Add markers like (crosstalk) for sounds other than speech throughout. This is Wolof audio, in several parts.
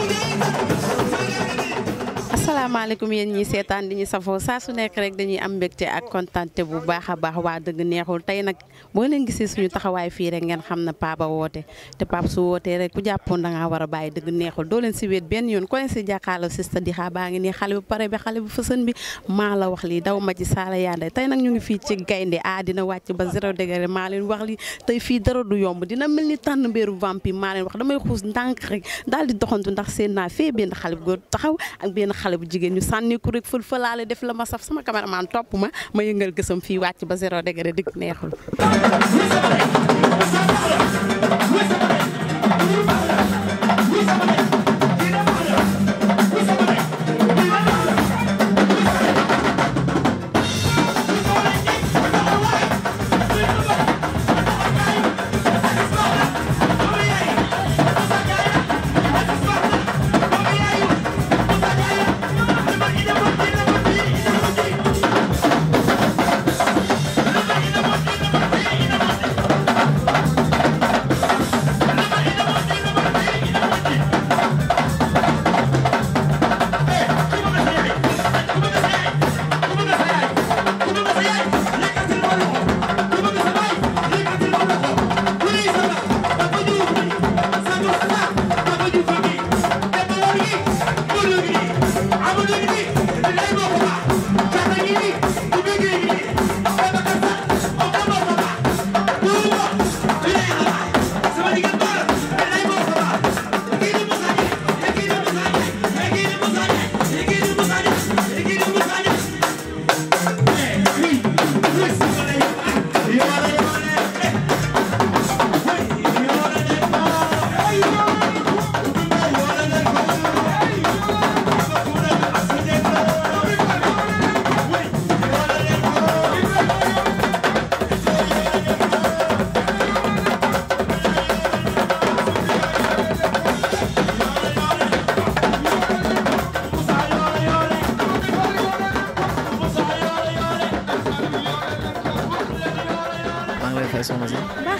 Don't asalaamaaleykum yéen ñi seetaan di ñu safoo saa su nekk rek dañuy am mbégte ak kontante bu baax a baax waa dëgg neexul tey nag boo leen gisee suñu taxawaay fii rek ngeen xam ne Pape a woote te Pape su wootee rek ku jàppoon da war a bàyyi dëgg neexul doo si wéet benn yoon ko leen sa dixaa baa ngi nii xale bu pare bi xale bu fësan bi maa la wax lii daw ma ci saala yaanday tey nag ñu ngi fii ci gaynde ah dina wàcc ba zéro degré maa leen wax li tey fii dara du yomb dina mel ni tànn mbéeru vampire maa leen wax damay xuus ndànk rek dal di doxantu ndax seen naa fee benn xale bu góor taxaw ak benn xale bu jigéen ñu sànni ko rek fël fëlaale def la ma saf sama man topp ma ma yëngal gësam fii wàcc ba zéro degré digg neexul.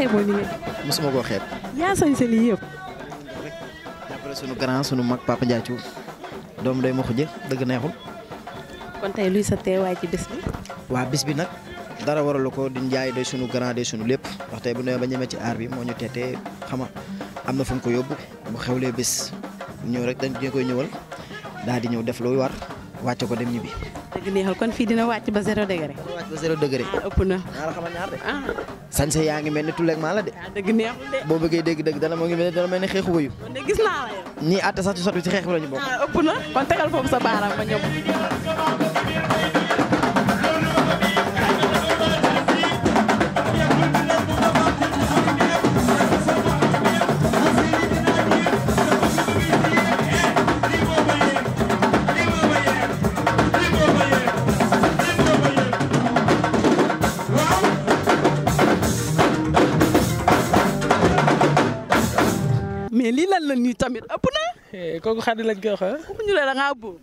xeeboo li nga. mosuma koo xeeb. yaa sañ sa lii yëpp. jàppale sunu grand sunu mag papa Ndiaye Thiou doomu day ma xujje dëgg neexul. kon tey luy sa teewaay ci bés bi. waa bis bi nag dara waralu ko di njaay day sunu grand day sunu lépp ndax tey bu newee ba ñemee ci aar bi moo ñu teetee xama am na fu mu ko yóbbu bu xewlee bés ñëw rek dañ koy ñëwal daal di ñëw def luy war wàcce ko dem ñibbi. dëgg neexul kon fii dina wàcc ba zéro degré. sañse yaa ngi mel ni tuleeg maa la de. dëgg neexul de. boo bëggee dégg-dégg dana moo ngi mel ni dana mel ni xeexu wuyu. kon de gis naa la ci xeex bi la ñu bokk. Ah, ëpp na kon tegal foofu sa baaraam ba ñëw. mais lii lan la nii tamit ëpp na. Eh, kooku xadi lañ koy waxee. kooku ah? ñu ne da ngaa bëgg.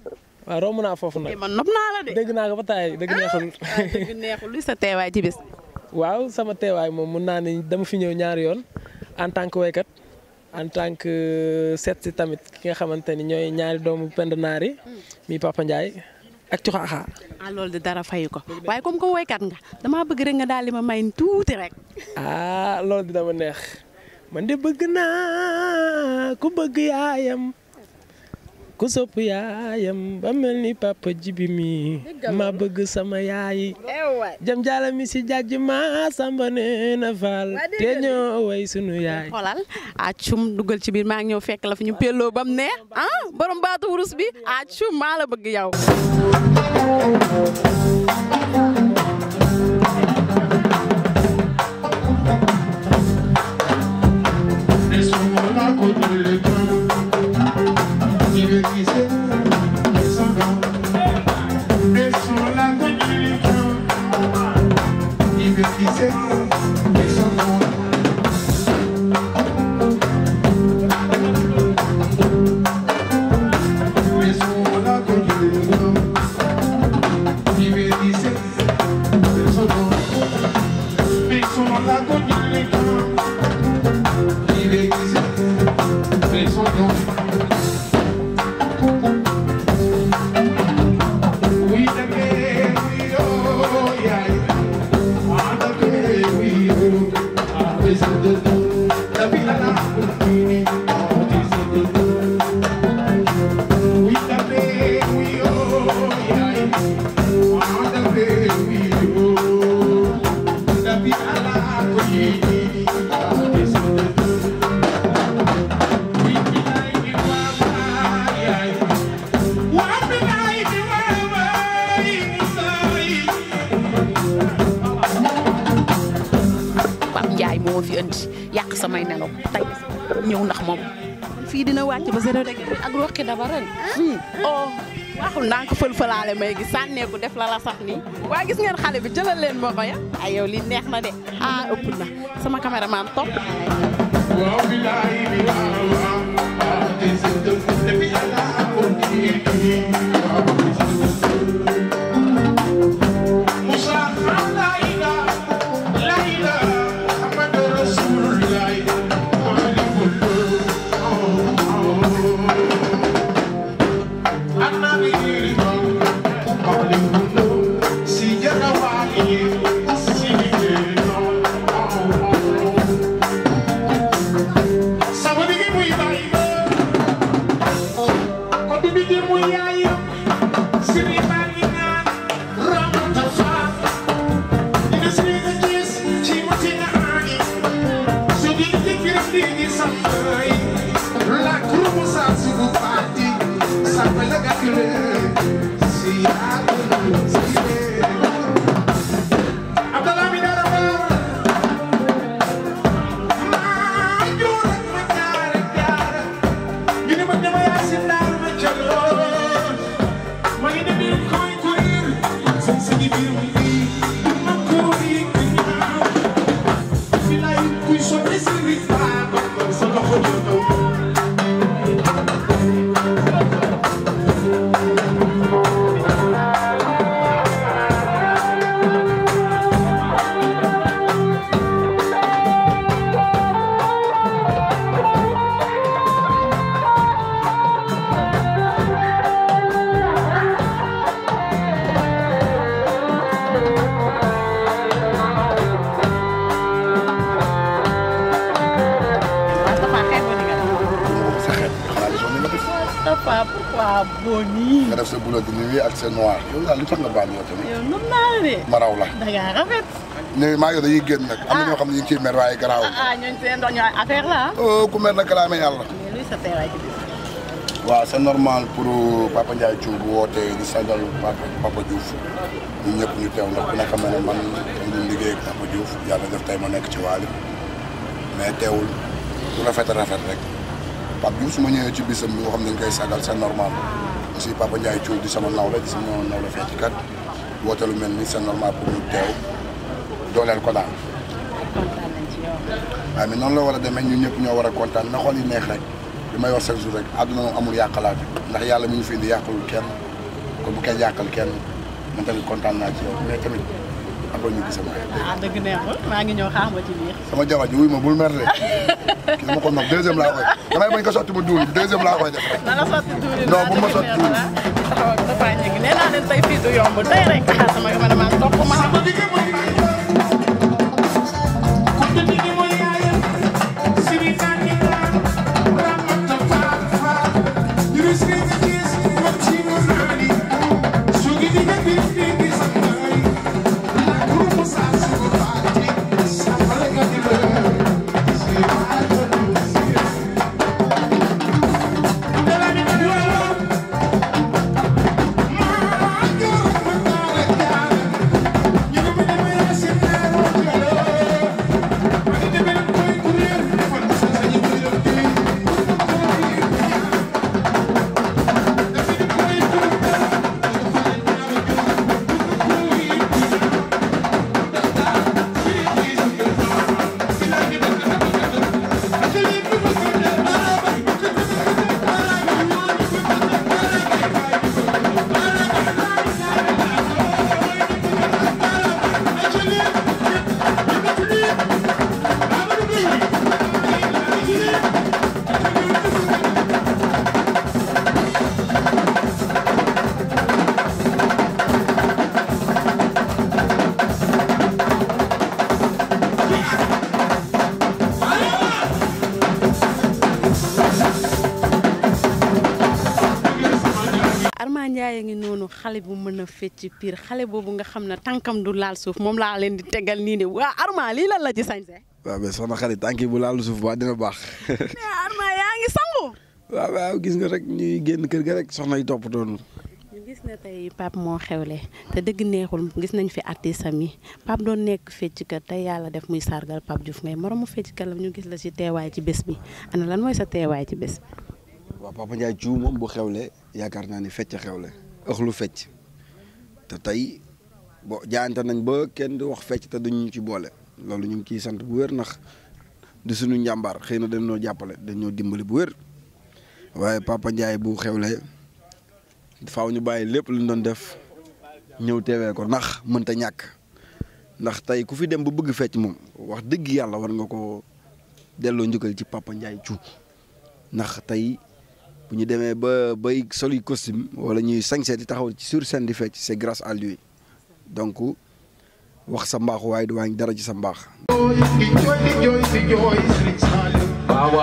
waaw romb naa foofu nag. Eh, man nopp naa la de. dégg naa ko ba taay neexul. Ah, ah, dégg neexul luy sa teewaay ci bis. waaw sama teewaay moom mun naa ni dama fi ñëw ñaari yoon en tant que waykat en tant que euh, seet si tamit ki nga xamante ni ñooy ñaari doomu pend naar yi hmm. mi Papa Ndiaye ak Cuxa Axa. ah loolu de dara fayu ko waaye comme que waykat nga damaa bëgg rek nga daal ma may tuuti rek. ah loolu de ma neex. man de bëgg naa ku bëgg yaayam ku sopp yaayam ba mel ni papa jibi mi ma bëgg sama yaay eh jam jaala mi si jàjj ma samba nee na faal way sunu yaay acum dugal ci biir maa ngi ñëw fekk la fi ñu pelloo bam neex ah, borom baatu wurus bi acum maa la bëgg yow ma fi andi yàq samay nelaw tey ñëw ndax moom. fii dina wàcc ba zéro degré ak roqi daba ren. Hmm. oh waxul naa ko fël-fëlaale may gi sànneeku def la la sax nii. waa gis ngeen xale bi jëlal leen ma ay yow li neex na de ah ëpp na sama caméraman topp. Moustapha pourquoi boo nii. nga def sa boulot di nuyu ak sa noir yow daal li tax nga baal yow tamit. yow noonu naa la de. ma raw la da ngaa rafet. ne maa yow dañuy génn nag. am na ñoo xam ne ñu ngi ciy mer waaye garaaw. ah ah ñooñu seen doon ñooy affaire la ah. Oh, ku mer nag kalaame yàlla. mais luy Papa Ndiaye Thioub bu wootee di Papa Papa Diouf ñun ñëpp ñu teew ndax ku ne xam Papa Diouf yàlla def tey ma nekk ci waali mais teewul a rafet Pape Diouf su ma ñëwee ci bisam bi nga xam ne dañ koy sagal c'est normal aussi Papa Ndiaye Thioub di sama naw la di sama naw la fecc kat woote lu mel ni c'est normal pour ñu teew dooleel ko daal. waaw mais noonu la war a demee ñu ñëpp ñoo war a kontaan na xool yi neex rek li may wax chaque jour rek àdduna moom amul yàqalaat ndax yàlla mi ñu fi indi yàqalul kenn kon bu kenn yàqal kenn man tamit kontaan naa ci yow mais tamit. ba ñu gis sama ah dëgg neexul maa ngi ñëw xaar ma ci biir. sama jabar ji wuy ma bul mer de (laughs) kii ma ko nopp deuxième laa koy damay bañ ko sotti ma duul deuxième laa koy def. na la sotti duul non bu ma sotti duul. Ah. taxaw ak sa pàññi gi nee naa leen tey ah, ma damaa ma fecc piir xale boobu nga xam ne tànkam du laal suuf moom laa leen di tegal nii de waa Arma lii lan la ci sañse. waaw mais sama xarit tànk bu laalu suuf ba dina baax. (laughs) mais Arma yaa ngi sangu. waaw waaw gis nga rek ñuy génn kër ga rek soxna yi toppatoo ñu. gis na moo xewle te dëgg neexul gis nañ fi artiste am yi Pape doon nekk fecckat tey yàlla def muy sargal Pape Diouf ngay moromu fecckat la ñu gis la ci teewaay ci bés bi ana lan mooy sa teewaay ci bés bi. waaw Papa Ndiaye Thiou moom bu yaakaar naa ni fecc xewle ëxlu fecc te tey bo jaayante nañ ba kenn du wax fecc te duñu ci boole loolu ñu kiy sant bu wér ndax du suñu njàmbaar xëy na dañoo jàppale dañoo dimbali bu wér waaye Papa Ndiaye bu xewlee faw ñu bàyyi lépp lu ñu doon def ñëw teewee ko ndax mën te ñàkk ndax tey ku fi dem ba bëgg fecc moom wax dëgg yàlla war nga ko delloo njukkal ci Papa Ndiaye cu ndax tey punya démé e ba ba soli olehnya costume wala ñuy sañsee di taxaw ci sur scène di fecc c'est grâce à lui donc wax sa mbax way du wañ dara ci sa mbax waaw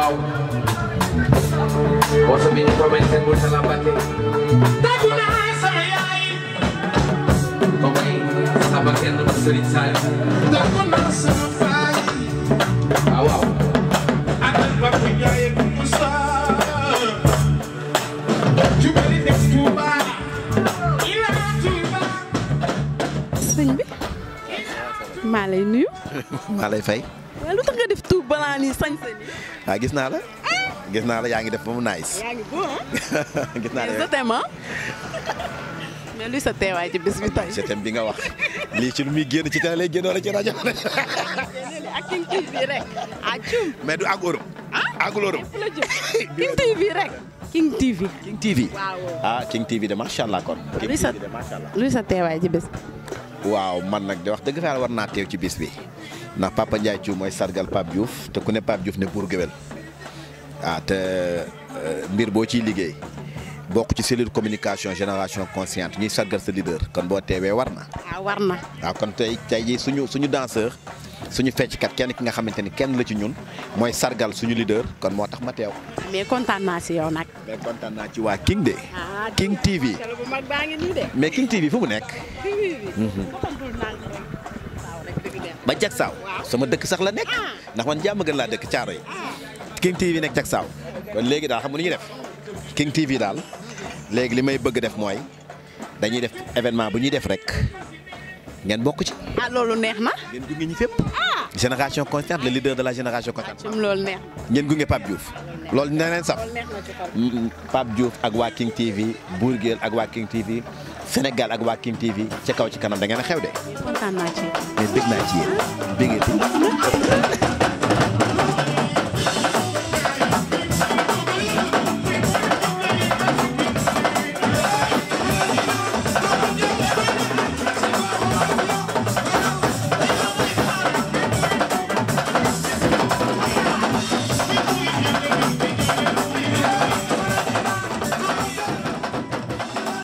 waaw. (laughs) maa lay fay. waaw lu tax def tout balaa nii sañ sa ah, gis naa la. gis naa la yaa ngi def ba mu nice. (laughs) gis naa la mais luy sa teewaay ci bis bi tey. sa thème bi nga wax lii ci lu muy génn ci télé lay génn wala ci rajo. (laughs) ak King TV rek. Ah, mais du ak Europe. ah ak King TV rek. King TV. ah King TV de macha allah kon. luy sa luy sa teewaay ci bis bi. waaw man nag de wax dëgg fa yàlla war naa teew ci bis bi. na Papa Ndiaye Diouf moy sargal pap Diouf te ku ne Pape Diouf ne buur géwél ah te euh, mbir bo ci liggéey bok ci cellule communication génération consciente ñuy sargal sa leader kon bo tewé warna ah warna ah kon tay tey suñu suñu danseur suñu kat kenn ki nga xamanteni kenn la ci ñun moy sargal suñu leader kon motax ma tew mais kontaan naa si yow nak mais kontaan naa ci wa King de. Ah, King TV. mais King TV fu mu nekk. ba Jaksaaw sama dëkk sax la nekk ndax man jàmm gën laa dëkk caaro yi King TV nekk Jaksaaw kon léegi daal xam nga nu ñuy def King TV daal léegi li may bëgg def mooy dañuy def événement bu ñuy def rek ngeen bokk ci. ah loolu neex na. ngeen gunge ñi fépp. Ah. génération consciente le leader de la génération consciente. loolu neex na ngeen gunge Pape Diouf. loolu nee leen saf Pape mm, ak waa King TV Bourguel ak waa King TV. Sénégal ak waa Kim TV ca kaw ci kanam da ngeen xew de. kontaan naa ci. mais bëgg naa ci yéen